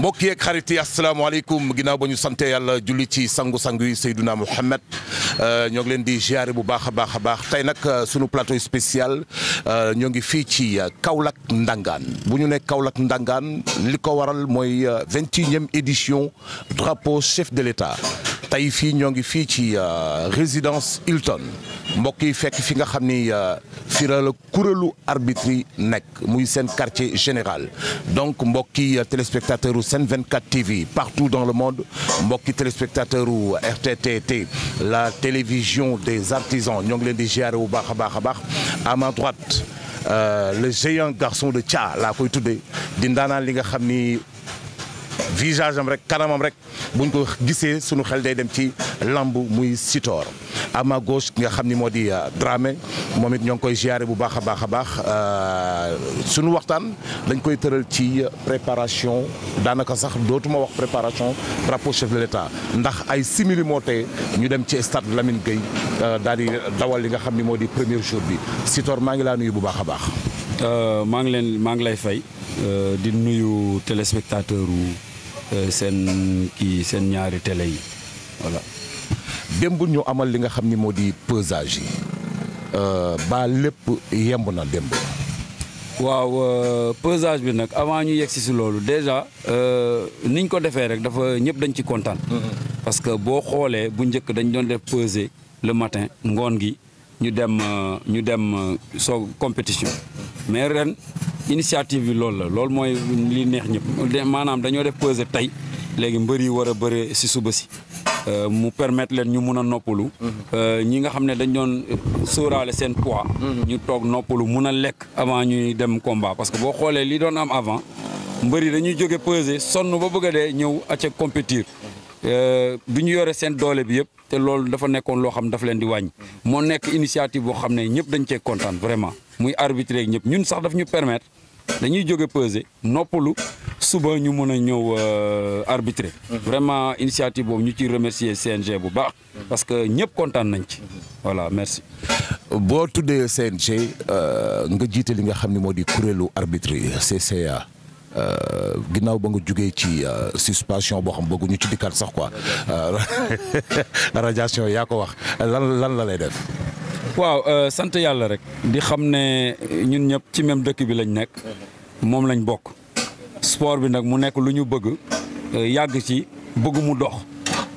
mbokk yeeg xarit yi asalaamaaleykum ginnaaw ba ñu sante yàlla julli ci sangu-sangu yi Seydouna Mouhamed euh, ñoo ngi leen di ziare bu baax a baax a baax tey nag euh, sunu plateau spécial euh, ñoo ngi fii ci Kaolack Ndangaan bu ñu ne Kaolack Ndangaan li ko waral mooy vingt et unième édition drapeau chef de l'État tey fii ñoo ngi fii ci résidence Hilton mbokk yi fekk fi nga xam ni fi la kuréelu arbitre yi nekk muy seen quartier général donc mbokki téléspectateur u Sen 24 TV partout dans le monde mbokki téléspectateur u RTTT la télévision des artisans ñoo ngi leen di ziare bu baax a baax a baax à ma droite euh, le géant garçon de Thia laa koy tuddee di ndaanaan li visage am rek kanamam rek buñ ko gisee suñu xel day dem ci lamb muy Sitor à ma gauche nga xam ni moo di euh, drame moom it ñoo ngi koy ziare bu baax a baax a baax euh, suñu waxtaan dañ koy tëral ci préparation daanaka sax dootuma wax préparation drapeau chef de l'État ndax ay simili moo tee ñu dem ci stade Lamine Gueye euh, daal di dawal li nga xam ni moo di premier jour bi Sitor maa ngi laa nuyu bu baax a baax. maa ngi leen maa ngi lay fay. di nuyu téléspectateur Euh, seen kii seen ñaari tele yi voilà. démb ñu amal li nga xam ni moo di pesage yi euh, ba lépp yemb na démb. waaw euh, pesage bi nag avant ñu yegg si si loolu déjà niñ ko defee rek dafa ñëpp dañ ci kontaan. Mm-hmm. parce que boo xoolee bu njëkk dañ doon def peser le matin ngoon gi. ñu dem euh, ñu dem euh, soo compétition mais ren initiative bi loolu la loolu mooy li neex ñëpp maanaam dañoo def peser tey léegi mbër yi war a bëre si suba si euh, mu permettre leen ñu mun a noppalu ñi nga xam ne dañ doon sóoraale seen poids mhm. ñu toog noppalu mun a lekk avant ñuy dem combat parce que boo xoolee li doon am avant mbër yi dañuy jóge peser sonn ba bëgg a dee ñëw acca compétir du euh, ñu yore seen doole bi yëpp te loolu dafa nekkoon loo xam dafa leen di wàññi moo nekk initiative boo xam ne ñëpp dañu cee kontaan vraiment muy arbitré ñëpp ñun sax daf ñu permettre dañuy jóge peser noppalu suba ñu mën a ñëw euh, arbitrer. vraiment initiative boobu ñu ciy remercier CNG bu baax. parce que ñëpp kontaan nañ ci. voilà merci. boo tuddee CNG euh, nga jiite li nga xam ne moo di kuréelu arbitre CCA. Euh, ginnaaw ba nga jugee ci euh, suspension boo xam bëgguñu ci dikkaat sax quoi euh, radiation yaa ko wax lan lan la lay def. waaw sant yàlla rek. di xam ne ñun ñëpp ci même dëkk bi lañ nekk. moom lañ bokk. sport bi nag mu nekk lu ñu bëgg yàgg ci bëgg mu dox.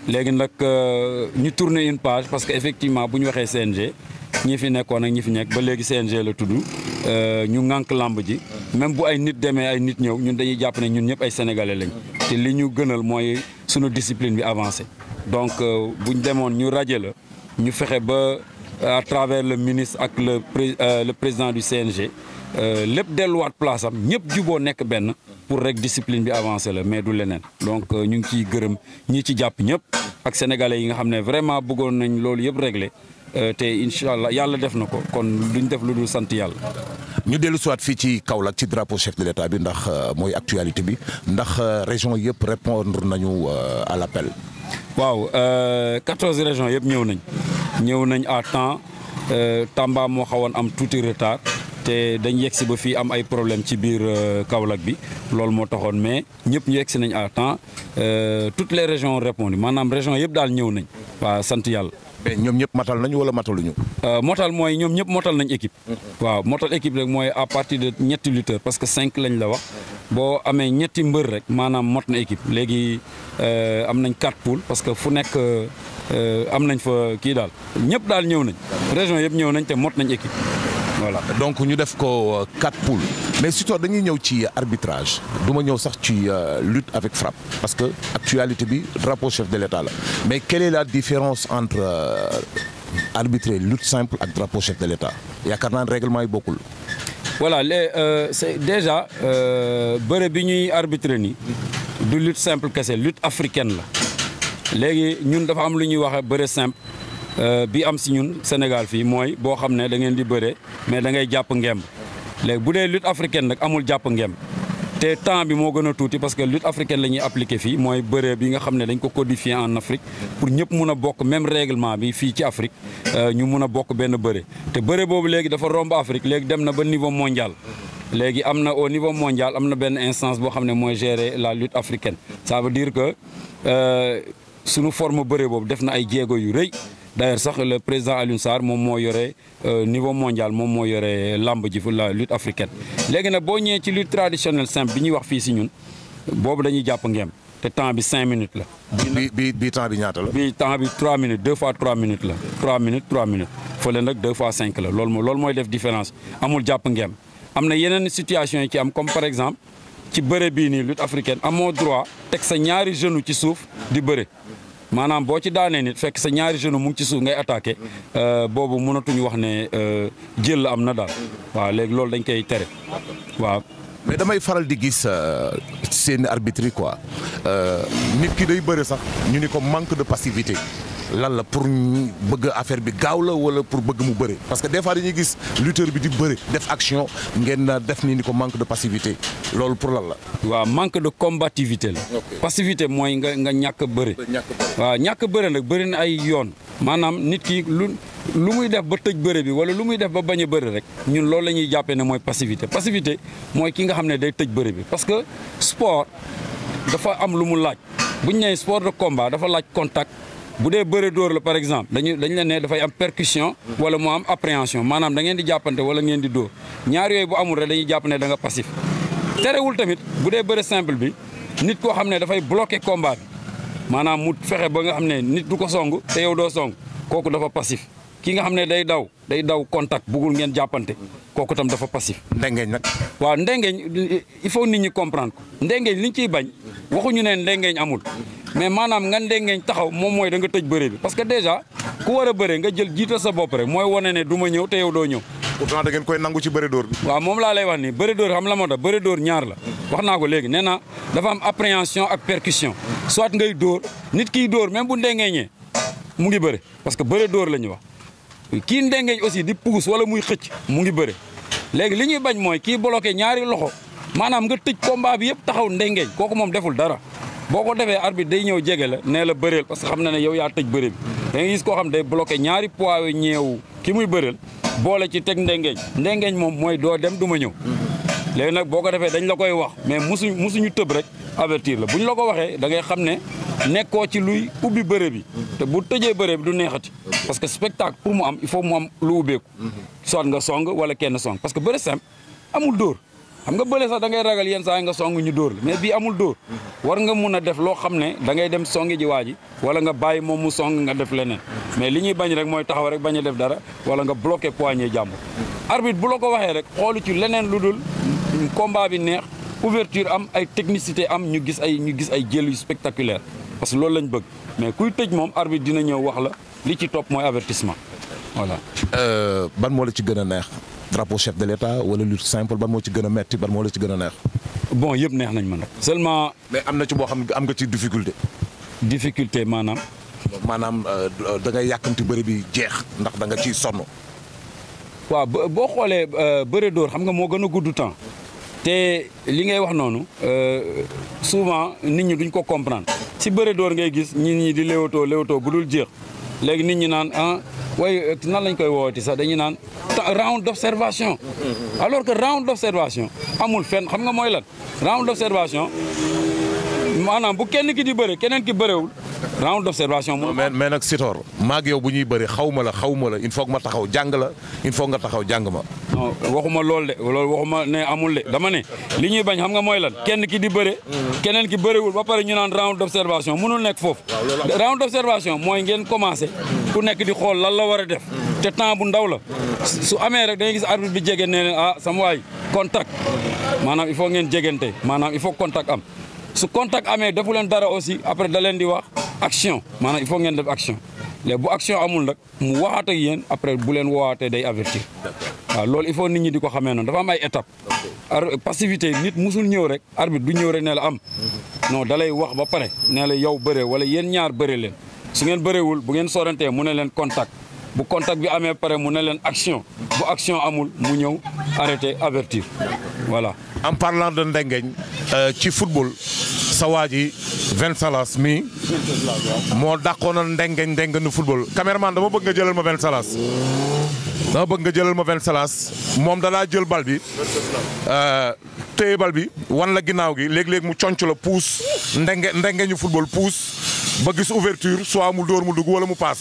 léegi nag ñu tourner une page parce que effectivement bu ñu waxee CNG ñi fi nekkoon ak ñi fi nekk ba léegi CNG la tudd ñu ŋànk làmb ji. même bu ay nit demee ay nit ñëw ñun dañuy jàpp ne ñun ñëpp ay sénégalais lañ te li ñu gënal mooy sunu discipline bi avancé donc euh, buñ demoon ñu raje la ñu fexe ba à travers le ministre ak le euh, le président du CNG Euh, lépp delluwaat place am ñëpp juboo nekk benn pour rek discipline bi avancer la mais du leneen donc euh, ñu ngi ciy gërëm ñi ci jàpp ñëpp ak sénégalais yi nga xam ne vraiment bëggoon nañ loolu yëpp réglé euh, te incha allah yàlla def na ko kon ñu def lu dul sant yàlla. ñu dellu si waat fii ci Kaolack ci drapeau chef de l'état bi ndax mooy actualité bi ndax région yëpp répondre nañu à l'appel. waaw 14 régions yëpp ñëw nañ ñëw nañ à temps Tamba moo xawoon am tuuti retard. te dañ yegg si ba fii am ay problème ci biir euh, Kaolack bi loolu moo taxoon mais ñëpp ñu yegg si nañ à temps euh, toutes les régions ont répondu maanaam région yëpp daal ñëw nañ waaw sant yàlla euh, ñoom ñëpp matal nañ wala mataluñu motal mooy ñoom ñëpp motal nañ équipe mm-hmm. waaw motal équipe rek mooy à partir de ñetti lutteurs parce que cinq lañ la wax boo amee ñetti mbër rek maanaam mot na équipe léegi am nañ quatre poules parce que fu nekk am nañ fa kii daal ñëpp daal ñëw nañ région yëpp ñëw nañ te mot nañ équipe voilà donc ñu def ko euh, quatre poules. mais surtout dañuy ñëw ci arbitrage du ma ñëw sax ci euh, lutte avec frappe parce que actualité bi drapeau chef de l'État la mais quelle est la différence entre euh, arbitrer lutte simple ak drapeau chef de l'État yaakaar naa règlement yi bokkul. voilà les euh, c'est déjà bëre bi ñuy arbitrer nii du lutte simple kese lutte africaine la léegi ñun dafa am lu ñuy wax bëre simple. Euh, bi am si ñun Sénégal fii mooy boo xam ne da ngeen di bëree mais da ngay jàpp ngemb léegi bu dee lutte africaine nag amul jàpp ngemb te temps bi moo gën a tuuti parce que lutte africaine lañuy ñuy appliqué fii mooy bëre bi nga xam ne dañ ko codifié en Afrique pour ñëpp mun a bokk même règlement bi fii ci Afrique euh, ñu mun a bokk benn bëre te bëre boobu léegi dafa romb Afrique léegi dem na ba niveau mondial. léegi am na au niveau mondial am na benn instance boo xam ne mooy gérer la lutte africaine ça dire que euh, sunu forme bëre boobu def na ay jéego yu rëy. d'ailleurs sax le président Alioune Sarr moom moo yore euh, niveau mondial moom moo yore làmb ji fu la lutte africaine léegi nag boo ñëwee ci lutte traditionnelle simple bi ñuy wax fii si ñun boobu dañuy jàpp ngeem te temps bi cinq minutes la. bi bi bi temps bi ñaata la. bi temps bi trois minutes deux fois la trois minutes trois minutes fële nag deux fois cinq la loolu mooy def différence amul jàpp ngeem am na yeneen situation yi ci am comme par exemple ci bëre bii nii lutte africaine amoo droit teg sa ñaari genoux ci suuf di bëre. maanaam boo ci daanee nit fekk sa ñaari jeune mu ngi ci suuf ngay attaqué euh, boobu mënatuñu wax ne euh, jël la am na daal waaw léegi loolu dañ koy tere waaw. mais damay faral di gis euh, seen arbitre quoi nit ki day bëri sax ñu ni ko manque de passivité. lan la pour bëgg affaire bi gaaw la wala pour bëgg mu bëre parce que des fois dañuy gis lutteur bi di bëre def action ngeen def ni ni ko manque de passivité loolu pour lan la. waaw manque de combativité la. passivité mooy nga nga ñàkk bëre. waaw ñàkk bëre nag bëri na ay yoon. maanaam nit ki lu lu muy def ba tëj bëre bi wala lu muy def ba bañ a bëre rek ñun loolu la ñuy jàppee ne mooy passivité passivité mooy ki nga xam ne day tëj bëre bi parce que sport dafa am lu mu laaj bu ñu nee de combat dafa laaj contact. bu dee bëre door la par exemple dañu dañ leen ne dafay am percussion wala mu am appréhension maanaam dangeen di jàppante wala ngeen di dóor ñaar yooyu bu amul rek dañuy jàpp ne da nga passif terewul tamit bu dee bëre simple bi nit koo xam ne dafay bloqué combat maanaam mu fexe ba nga xam ne nit du ko song te yow doo song kooku dafa passif ki nga xam ne day daw day daw contact bëggul ngeen jàppante kooku tam dafa passif. ndengeñ nag. waaw ndengeñ il faut nit ñi comprendre ko ndengeñ liñ ciy bañ waxuñu ne ndengeñ amul mais maanaam nga ndengeeñ taxaw moom mooy danga nga tëj bëre bi parce que déjà ku war a bëre nga jël jiital sa bopp mooy wane ne du ma ñëw te yow doo ñëw. pourtant da ngeen koy nangu ci bëre dóor bi. waaw moom laa lay wax nii bëre dóor xam la moo tax bëre dóor ñaar la wax naa ko léegi nee na dafa am appréhension ak percussion soit ngay dóor nit kiy door même bu ndengeeñee mu ngi bëre parce que bëre door la ñu wax kii ndengeeñ aussi di puus wala muy xëcc mu ngi bëre léegi li ñuy bañ mooy kii bloqué ñaari loxo maanaam nga tëj combat yëpp taxaw ndengeeñ kooku moom deful dara boo ko defee arbitre day ñëw jege la nee la bëreel parce que xam na ne yow yaa tëj bëre bi da nga gis koo xam day bloqué ñaari poids yu ñeewu ki muy bëreel boole ci teg ndengeeñ ndengeeñ moom mooy doo dem du ma ñëw léegi nag boo ko defee dañ la koy wax mais musuñ musuñu tëb rek avertir la bu ñu la ko waxee da ngay xam ne nekkoo ci luy ubbi bëre bi te bu tëjee bëre bi du neexati parce que spectacle pour mu am il faut mu am lu ubbeeku soit nga song wala kenn song parce que bëre simple amul dóor xam nga bële sax da ngay ragal yenn saa yi nga song ñu dóor la mais bii amul dóor war nga mun a def loo xam ne dangay dem songi ji waa ji wala nga bàyyi moom mu song nga def leneen mais li ñuy bañ rek mooy taxaw rek bañ a def dara wala nga bloqué poignée jàmbur arbitre bu la ko waxee rek xoolu ci leneen lu dul combat bi neex ouverture am ay technicité am ñu gis ay ñu gis ay jël yu spectaculaire parce que loolu lañ bëgg mais kuy tëj moom arbitre dina ñëw wax la li ci topp mooy avertissement voilà. Euh, ban moo la ci gën a neex. drapeau chef de l'état wala lutte simple ban ci gën a metti ban moo la ci gën a neex. bon yëpp neex nañ ma nag. seulement. mais am na ci boo xam am nga ci difficulté. difficulté maanaam. maanaam euh, da ngay yàkkamti bëri bi jeex ndax da nga ciy sonn. waaw boo xoolee euh, bëre dóor xam nga moo gën a gudd temps te li ngay wax noonu euh, souvent nit ñi duñ ko comprendre. si bëre dóor ngay gis nit ñi di léewatoo léewatoo bu dul jeex. léegi nit ñi naan ah way euh, nan lañ koy woowati sax dañuy naan round d'observation alors que round d'observation amul fenn xam nga mooy lan round d'observation maanaam bu kenn ki di bëre keneen ki bërewul round d'observation moom. mais mais nag Sitor maag yow bu ñuy bëri xaw ma la xaw ma la il ma taxaw jàng la il faut nga taxaw jàng ma. non waxuma loolu de loolu waxuma ne amul de dama ne li ñuy bañ xam nga mooy lan kenn ki di bëre. keneen ki bëriwul ba pare ñu naan round d'observation mënul nekk foofu. round d'observation mooy ngeen commencé. ku nekk di xool lan la war a def. te temps bu ndaw la. su amee rek da ngay gis arbitre bi jege nee leen ah sama waay contact maanaam il faut ngeen jegante maanaam il faut contact am. su contact amee defu leen dara aussi après da leen di wax action maanaam il faut ngeen def action léegi bu action amul nag mu waxaat ak yéen après bu leen woowaatee day avertir waaw loolu il faut nit ñi di ko xamee noonu dafa am ay étape passivité nit musul ñëw rek arbitre du ñëw rek ne la am mhm. non da lay wax ba pare ne la yow bëree wala yéen ñaar bëree leen su ngeen bëreewul bu ngeen sorantee mu ne leen contact bu contact bi amee pare mu ne leen action bu action amul mu ñëw arrêter avertir voilà. en parlant de euh, ci football sa waa ji Vincent Lass mii moo dàqoon na ndengeñ ndengeñu football caméraman dama bëgg nga jëlal ma Vincent Lass dama bëgg nga jëlal ma Vincent Lass moom dalaa jël bal bi euh, téye bal bi wan la ginnaaw gi léeg-léeg mu conc la puus ndenge ndengeñu football puus. ba gis ouverture soit mu dóor mu dugg wala mu paas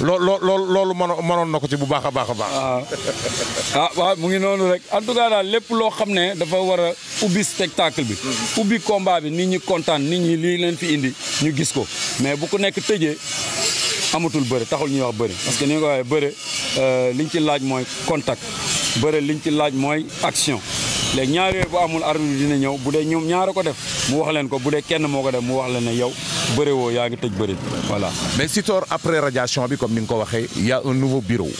loo loo loolu mënoon na ko ci bu baax a baax a baax. ah, ah waaw mu ngi noonu rek en daal lépp loo xam ne dafa war a ubbi spectacle bi. ubbi kombaa bi nit ñi kontaan nit ñi lii leen fi indi ñu gis ko mais bu ko nekk tëjee. amatul bëre taxul ñuy wax bëre parce que ni nga ko waxee bëre euh, liñ ci laaj mooy contact bëre liñ ci laaj mooy action léegi ñaar yooyu bu amul arbitre dina ñëw bu dee ñoom ñaare ko def mu wax leen ko bu dee kenn moo ko def mu wax leen ne yow bëre woo yaa ngi tëj bëre bi voilà. mais Sitor après radiation bi comme ni nga ko waxee y' a un nouveau bureau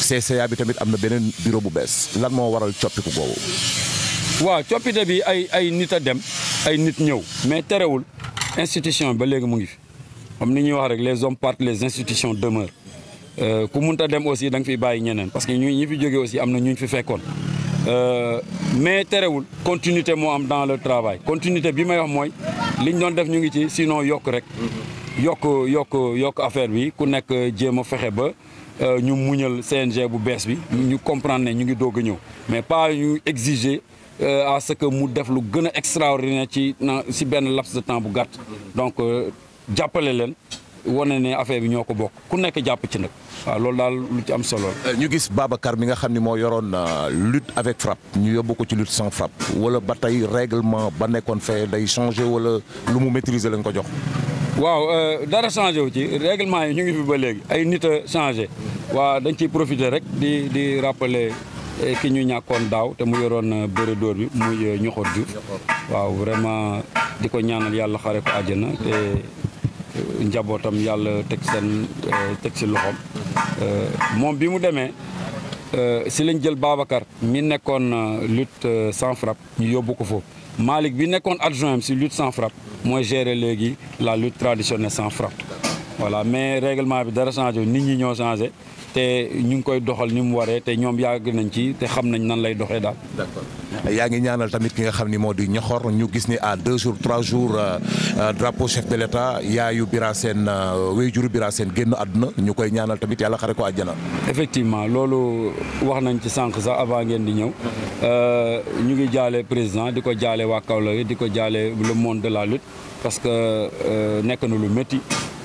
CCA bi tamit am na beneen bureau bu bees lan moo waral coppiku boobu. waaw coppite bi ay ay nit a dem ay nit ñëw mais terewul institution ba léegi mu comme ni ñuy wax rek les hommes partent les institutions demeurent euh, ku munta dem aussi danga nga bàyyi ñeneen parce que ñu fi jógee aussi am na ñu fi fekkoon euh, mais terewul continuité moo am dans le travail continuité bi may wax mooy liñ doon def ñu ngi ci sinon yokk rek yokk yokk yokk affaire bi ku nekk euh, jéem a fexe ba ñu muñal CNG bu bees bi ñu comprendre ne ñu ngi doog a ñëw mais pas ñu exiger à ce que mu def lu gën a extraordinaire ci na si benn laps de temps bu gàtt donc jàppale leen wane ne affaire bi ñoo ko bokk ku nekk jàpp ci nag waaw loolu daal lu ci am solo euh, ñu gis Babacar mi nga xam ni moo yoroon euh, lutte avec frappe ñu yóbbu ko ci lutte sans frappe wala ba tey réglement ba nekkoon fee day changé wala lu mu maîtriser lañ ko jox. waaw euh, dara changé wu ci règlement yi ñu ngi fi ba léegi ay nit a changé waaw dañ ciy profiter rek di di rappeler ki ñu ñàkkoon daaw te mu yoroon bëre dóor bi muy ñoxor Diouf waaw vraiment di ko ñaanal yàlla xare ko àjjana te. njabootam yàlla teg seen euh, teg si loxoom euh, moom bi mu demee euh, si lañ jël Babacar mi nekkoon lutte sans frappe ñu yóbbu ko foofu Malick bi nekkoon adjoint si lut sans frappe mooy gérer léegi la lutte traditionnelle sans frappe voilà mais règlement bi dara changé nit ñi ñoo te ñu ngi koy doxal ni mu waree te ñoom yàgg nañ ci te xam nañ nan lay doxee daal. yaa ngi ñaanal tamit ki nga xam ni moo di ñoxor ñu gis ni à deux jours trois jours euh, euh, drapeau chef de l'État yaayu Bira Sène euh, wéyjuru Bira Sène génn àdduna ñu koy ñaanal tamit yàlla xare ko àjjana. effectivement loolu wax nañ ci sànq sax avant ngeen di ñëw ñu ngi jaale président di ko jaale waa Kaolack di ko jaale le monde de la lutte parce que nekk na lu métti.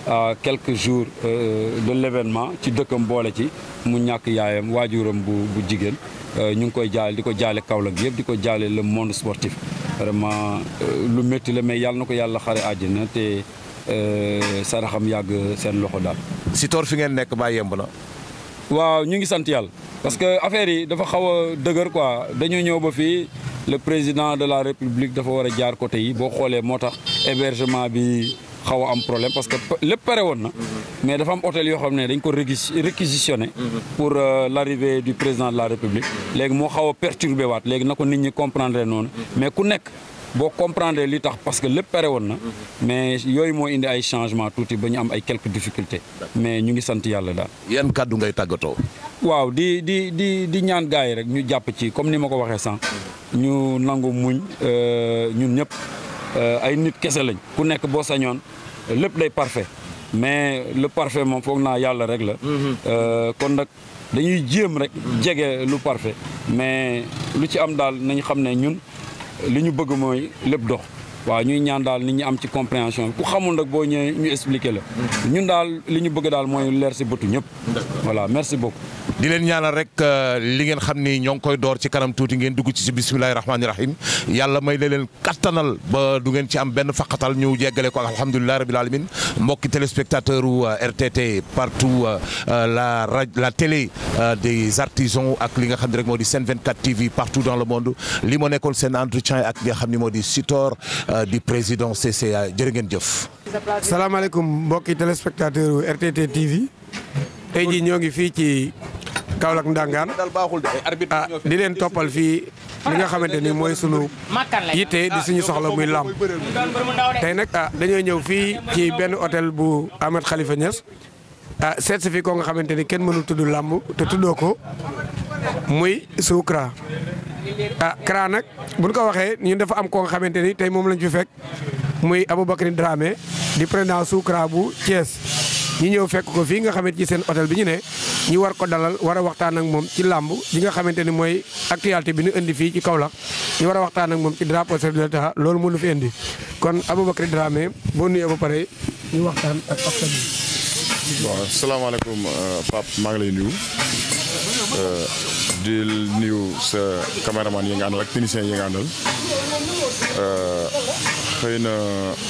à quelques jours euh, de l'événement ci dëkkam boole ci mu ñàkk yaayam waajuram bu bu jigéen euh, ñu ngi koy jaale di ko jaale Kaolack yëpp di ko jaale le monde sportif vraiment euh, lu métti la mais yàlla na ko yàlla xare àjjana te saraxam yàgg seen loxo daal. si toor fi ngeen nekk ba yemb na. waaw ñu ngi sant yàlla parce que affaire yi dafa xaw a dëgër quoi dañoo ñëw ba fii le président de la république dafa war a jaar côté yi boo xoolee moo tax hébergement bi. xaw a am problème parce que lépp pare woon na mhm. mais dafa am hôtel yoo xam ne dañ ko réquisitionné mhm. pour euh, l'arrivée du président de la république mhm. léegi moo xaw a perturbé waat léegi na ko nit ñi comprendre noonu mais ku nekk boo comprendre li tax parce que lépp pare woon na mais yooyu moo indi ay changement tuuti ba ñu am ay quelques difficultés mais ñu ngi sant yàlla daal yan kàddu ngay tàggatoo waaw di di di di ñaan gars yi rek ñu jàpp ci comme ni ma ko waxee sànq ñu nangu muñ euh, ñun ñëpp Euh, ay nit kese lañ ku nekk boo sañoon lépp day parfait mais le parfait moom foog naa yàlla rek la mm-hmm. euh, kon nag dañuy jéem rek mm-hmm. jege lu parfait mais lu ci am daal nañ xam ne ñun li ñu bëgg mooy lépp dox waaw ñuy ñaan daal ni ñi am ci compréhension ku xamul nag boo ñëwee ñu expliquer la mm-hmm. ñun daal li ñu bëgg daal mooy leer si bëtu ñëpp voilà merci beaucoup di leen ñaanal rek euh, li ngeen xam ni ñoo ngi koy door ci kanam tuuti ngeen dugg ci si bisimilahi rahmaani rahim yàlla may la leen kattanal ba du ngeen ci am benn faqatal ñu jeggale ko alhamdulilahi rabil alamin mbokki téléspectateur u euh, RTT partout euh, la rajo la télé des artisans ak li nga xam ne rek moo di Sen 24 TV partout dans le monde li mo nekkoon seen entretien ak li nga xam ne moo di Sitor di président CCA jërë ngeen jëf. salaamaaleykum mbokki téléspectateur RTT TV. tey ñoo ngi fii ci. Kaolack Ndangaan ah di leen toppal fii li nga xamante ni mooy sunu yitte di suñu ah, soxla muy làmb tey nag ah dañoo ñëw fii ci benn hôtel bu Ahmed xalifa Niass a ah, seet si fi ko nga xamante ni kenn mënul tudd làmb te tuddoo ko muy Soukra ah Kra nag bu buñ ko waxee ñun dafa am ko nga xamante ni tey moom lañ fi fekk muy Aboubacry Dramé di président Soukra bu Thiès ñu ñëw fekk ko fii nga xamante ci seen otel bi ñu ne ñu war ko dalal war a waxtaan ak moom ci làmb li nga xamante ni mooy actualité bi ñu indi fii ci Kaolack ñu war a waxtaan ak moom ci drapeau chef de loolu moo ñu fi indi kon Aboubacry Dramé boo nuyoo ba pare ñu waxtaan ak askan wi. bon asalaamaaleykum euh, Pape maa lay nuyu euh, di nuyu sa caméraman yi nga àndal ak technicien yi nga àndal euh, xëy na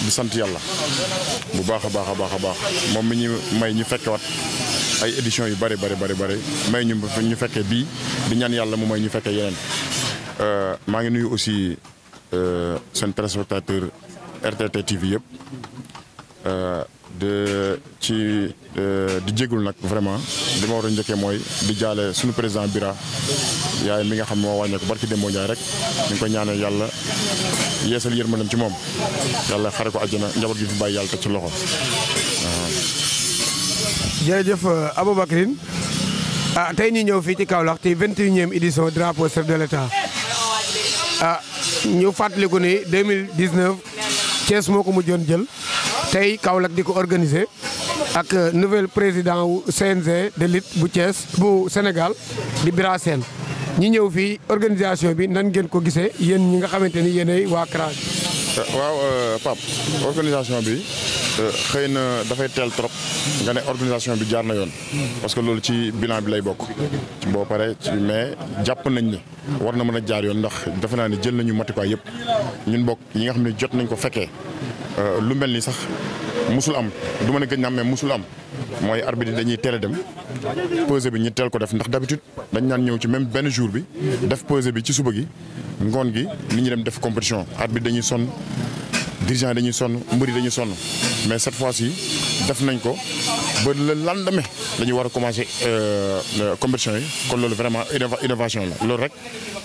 di sant yàlla bu baax a baax a baax a baax moom mi ñu may ñu fekkewaat ay éditions yu bëri bari bari bari may ñu ñu fekkee bii di ñaan yàlla mu may ñu fekkee yeneen euh, maa ngi nuyu aussi euh, seen téléspectateur RTT TV yëpp euh, de ci di jégul nag vraiment li ma war a njëkkee mooy di jaale suñu président Bira yaay mi nga xam ne moo wàññeeku barki Demba Ndiaye rek ñu ngi ko ñaanal yàlla yeesal yërmandam ci moom yàlla xare ko àjjana njaboot gi fi bàyyi yàlla teg ci loxo. jërëjëf euh, Aboubacrine ah tey ñi ñëw fii ci Kaolack ci 21e édition drapeau chef de l'État ah ñu fàttaliku ni 2019 Thiès moo ko joon jël tey Kaolack di ko organiser ak euh, nouvel président wu CNG de lutte bu Thiès bu Sénégal di Bira ñi ñëw fii organisation bi nan ngeen ko gisee yéen ñi nga xamante ni yéenay waa CRAC. Eh, waaw euh, Pape organisation bi. Euh, xëy na dafay teel trop nga ne organisation bi jaar na yoon parce que loolu ci bilan bi lay bokk boo paree ci mais jàpp nañ ne war na mën a jaar yoon ndax defe naa ne jël nañu matukaay yëpp ñun bokk yi nga xam ne jot nañ ko fekkee euh, lu mel ni sax mosul am du ma ne gëj na am mais musul am mooy arbitre dañuy teel a dem pesée bi ñu teel ko def ndax d'habitude dañ naan ñëw ci même benn jour bi def pesée bi ci suba gi ngoon gi nit ñu dem def compétition arbitre dañuy son dirigeants yi dañuy sonn mbër yi dañuy sonn mais cette fois si def nañ ko ba le lendemain la ñu war a commencé euh, compétition yi kon loolu vraiment innovation la loolu rek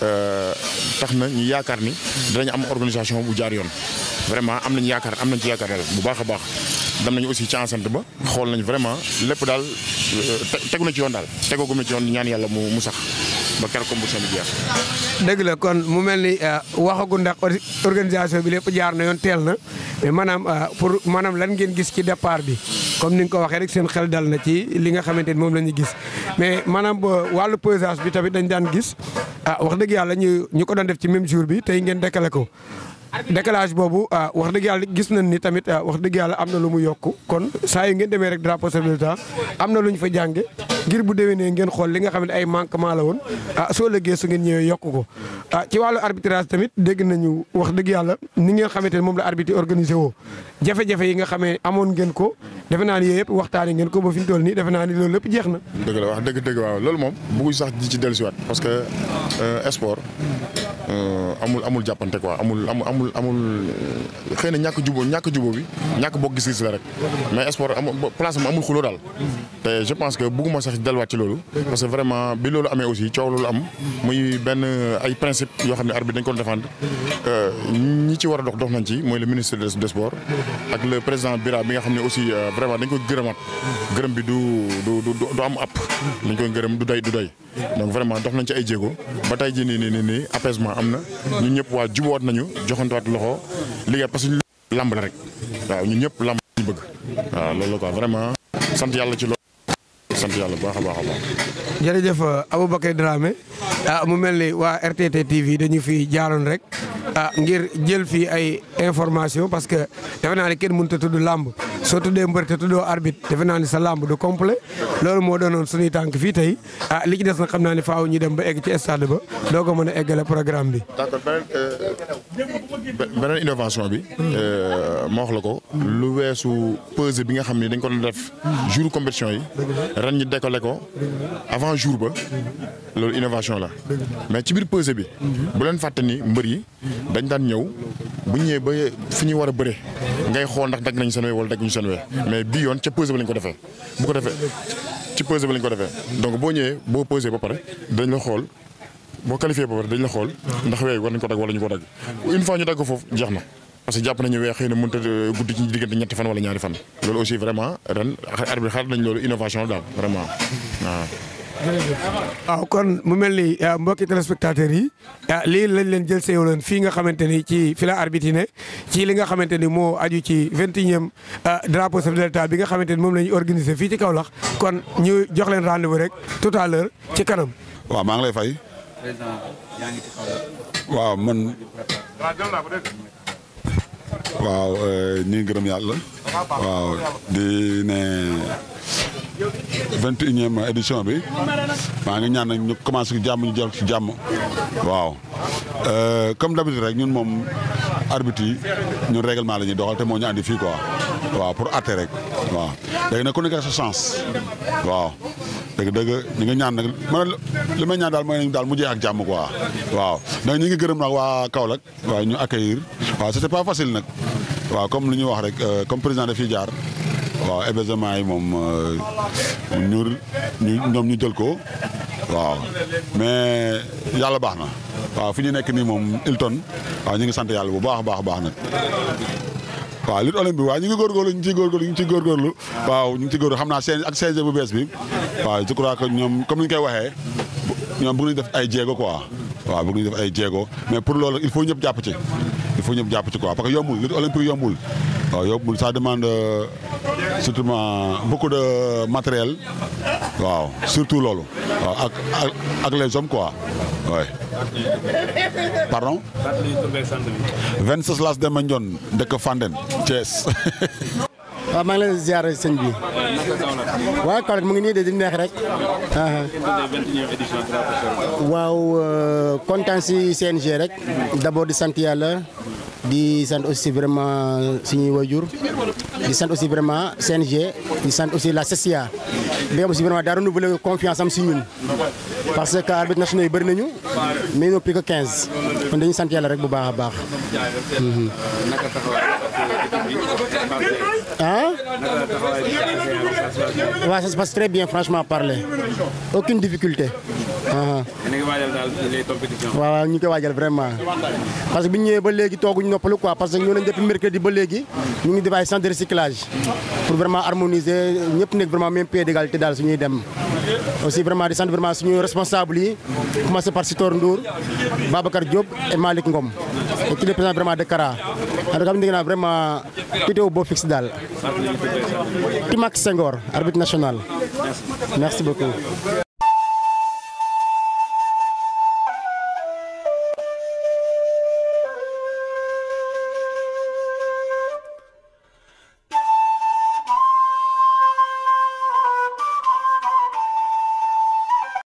euh, tax na ñu yaakaar ni dinañ am organisation bu jaar yoon vraiment am nañu yaakaar am nañ ci yaakaar daal bu baax a baax dem nañu aussi ci enceinte ba xool nañ vraiment lépp daal euh, tegu na ci yoon daal tegoogu na ci yoon ñaan yàlla mu mu sax ba kenn compétition bi jeex. dëgg la kon mu mel ni euh, waxagu ndax organisation bi lépp jaar na yoon teel na mais maanaam euh, pour maanaam lan ngeen gis ci départ bi comme ni nga ko waxee rek seen xel dal na ci li nga xamante ni moom la ñu gis. mais maanaam euh, wàllu pesage bi tamit dañ daan gis ah wax dëgg yàlla ñu ñu ko doon def ci même jour bi tey ngeen dekkale ko décalage boobu ah, wax dëgg yàlla gis nañ ni tamit ah, wax dëgg yàlla am na lu mu yokk kon saa yu ngeen demee rek drapeau chef de am na lu ñu fa jànge ngir bu déwénee ngeen xool li nga xam ne ay manquement la woon ah soo lëggee su ngeen ñëwee yokk ko ah ci wàllu arbitrage tamit dégg nañu wax dëgg yàlla ni ngeen xamante ne moom la arbitre organisé woo jafe-jafe yi nga xamee amoon ngeen ko defe naa ni yooyu yëpp ngeen ko ba fi ñu toll nii defe naa ni loolu lépp jeex na. dëgg la dëgg waaw loolu moom bëgguñ sax ji ci dellusiwaat parce que euh, sport euh, amul amul jàppante quoi amul amul amul amul euh, xëy na ñàkk jubóo ñàkk jubóo bi ñàkk bokk gis-gis rek mais sport am amul xuloo daal te je pense que bëgguma sax delluwaat ci loolu. parce que vraiment bi loolu amee aussi coow loolu am muy benn ay principe yoo xam ne arbitre dañ ko défendre ñi ci war a dox dox nañ ci mooy le ministre des sports ak le président Bira bi nga xam ne aussi euh, vraiment dañ ko gërëmaat gërëm bi du du du am app dañ koy gërëm du day du doy donc vraiment dox nañ ci ay jéego ba tey jii nii nii nii apaisement am na ñu ñëpp waa juboot nañu joxantuwaat loxo liggéey parce que lamb la rek waaw ñun ñëpp lamb lañ bëgg waaw loolu quoi vraiment sant yàlla ci loolu sant yàlla bu baax a baax a baax. jërëjëf euh, Aboubacar Dramé ah mu mel ni waa RTT TV dañu fi jaaroon rek ah ngir jël fii ay information parce que defe naa ne kenn mënut a tudd làmb soo tuddee mbër te tuddoo arbitre defe naa ne sa làmb du complet loolu moo doonoon suñuy tànk fii tey ah li ci des nag xam naa ne faaw ñu dem ba egg ci stade ba doo ko mën a eggale programme bi. d'accord beneen euh, beneen innovation bi. Euh, ma wax la ko. lu weesu pause bi nga xam ne dañ ko doon def. jour compétition yi. ren ñu décollé ko avant jour ba loolu innovation la mais ci biir pesée bi bu leen fàtte ni mbër yi dañ daan ñëw bu ñëwee ba fi ñuy war a bëre ngay xool ndax dagg nañ seen wee wala dagg ñu seen wee mais bii yoon ca pesée ba lañ ko defee bu ko defee ci pesée ba lañ ko defee donc boo ñëwee boo pesée ba pare dañ la xool boo qualifié ba pare dañ la xool ndax weey war nañ ko dagg wala ñu ko dagg une fois ñu dagg foofu jeex na parce jàpp nañu wee xëy na mënut a euh, gudd ci diggante ñetti fan wala ñaari fan loolu aussi vraiment ren arbitre xaar nañ loolu innovation daal vraiment waaw. Ah, kon mu mel ni ah, mbokki téléspectateurs yi ah, lii lañ leen jël see woon fii nga xamante ni ci fi la arbitre yi ne ci li nga xamante ni moo aju ci vingt et unième drapeau chef de l'État bi nga xamante ni moom la ñu organisé fii ci lax kon ñu jox leen rendez-vous rek tout à l'heure ci kanam. waaw maa ngi la fay. président yaa waaw eh, ñu ngi gërëm yàlla waaw di ne vingt et unième édition bi maa ngi ñaan ñu commencé ci jàmm ñu jël ci jàmm waaw eh, comme d'habitude rek ñun moom arbitre yi ñun réglement la ñuy doxal te moo ñu andi fii quoi waaw pour atte rek waaw léegi nag ku sa chance waaw dëgg dëgg ñi nga ñaan nag li may ñaan daal mooy nañu daal mu jeex ak jàmm quoi waaw donc ñi ngi gërëm nag waa Kaolack waa ñu accueillir waaw c'était pas facile nag waaw comme lu ñuy wax rek euh, comme président daf fi jaar waaw hébergement yi moom euh, ñu ñu ñu jël ko waaw mais yàlla baax na waaw fi ñu nekk nii moom Hilton waaw ñu ngi sant yàlla bu baax baax a baax nag waaw lutte olympique waaw ñu ngi góorgóorlu ñu ngi ciy góorgóorlu ñu ngi ciy waaw ñu ngi ciy góorgóorlu xam naa seen ak CNG bu bees bi waaw je crois que ñoom comme ni ñu koy waxee ñoom bëgg nañu def ay jéego quoi waaw bëgg nañu def ay jéego mais pour loolu il faut ñëpp jàpp ci il faut ñëpp jàpp ci quoi parce que yombul lutte olympique yombul waaw yombul ça demande euh, surtout euh, beaucoup de matériel waaw surtout loolu waaw ak ak les hommes quoi oui pardon 26 Las Demba Ndione dëkk waaw maa ngi leen di sëñ bi waaw Kaolack mu ngi nii de di neex rek waaw euh, kontaan si CNG rek d'abord di sant yàlla di sant aussi vraiment suñuy wajur di sant aussi vraiment CNG di sant aussi la CESIA bi nga xam aussi vraiment daa renouveler confiance am si ñun parce que arbitre nationaux yi bëri nañu mais ils n'ont plus que 15 kon dañuy sant yàlla rek bu baax a baax. Mhm. ah waaw ça se passe très bien franchement parler aucune difficulté Uh-huh. yéen a waaw ñu ngi waajal vraiment. parce que bi ñu ñëwee ba léegi tooguñu noppalu quoi parce que ñoo nañ depuis mercredi ba léegi. Mm. ñu ngi def ay centre de recyclage. pour vraiment harmoniser ñëpp nekk vraiment même pied d'égalité daal su ñuy dem. aussi vraiment di sant vraiment suñu responsable yi. commencé par Sitor Ndour Babacar Diop et Malick Ngom. et tous les présidents vraiment de Kara. en tout cas dégg naa vraiment vidéo boo fixe daal. Timac Senghor arbitre national. merci beaucoup.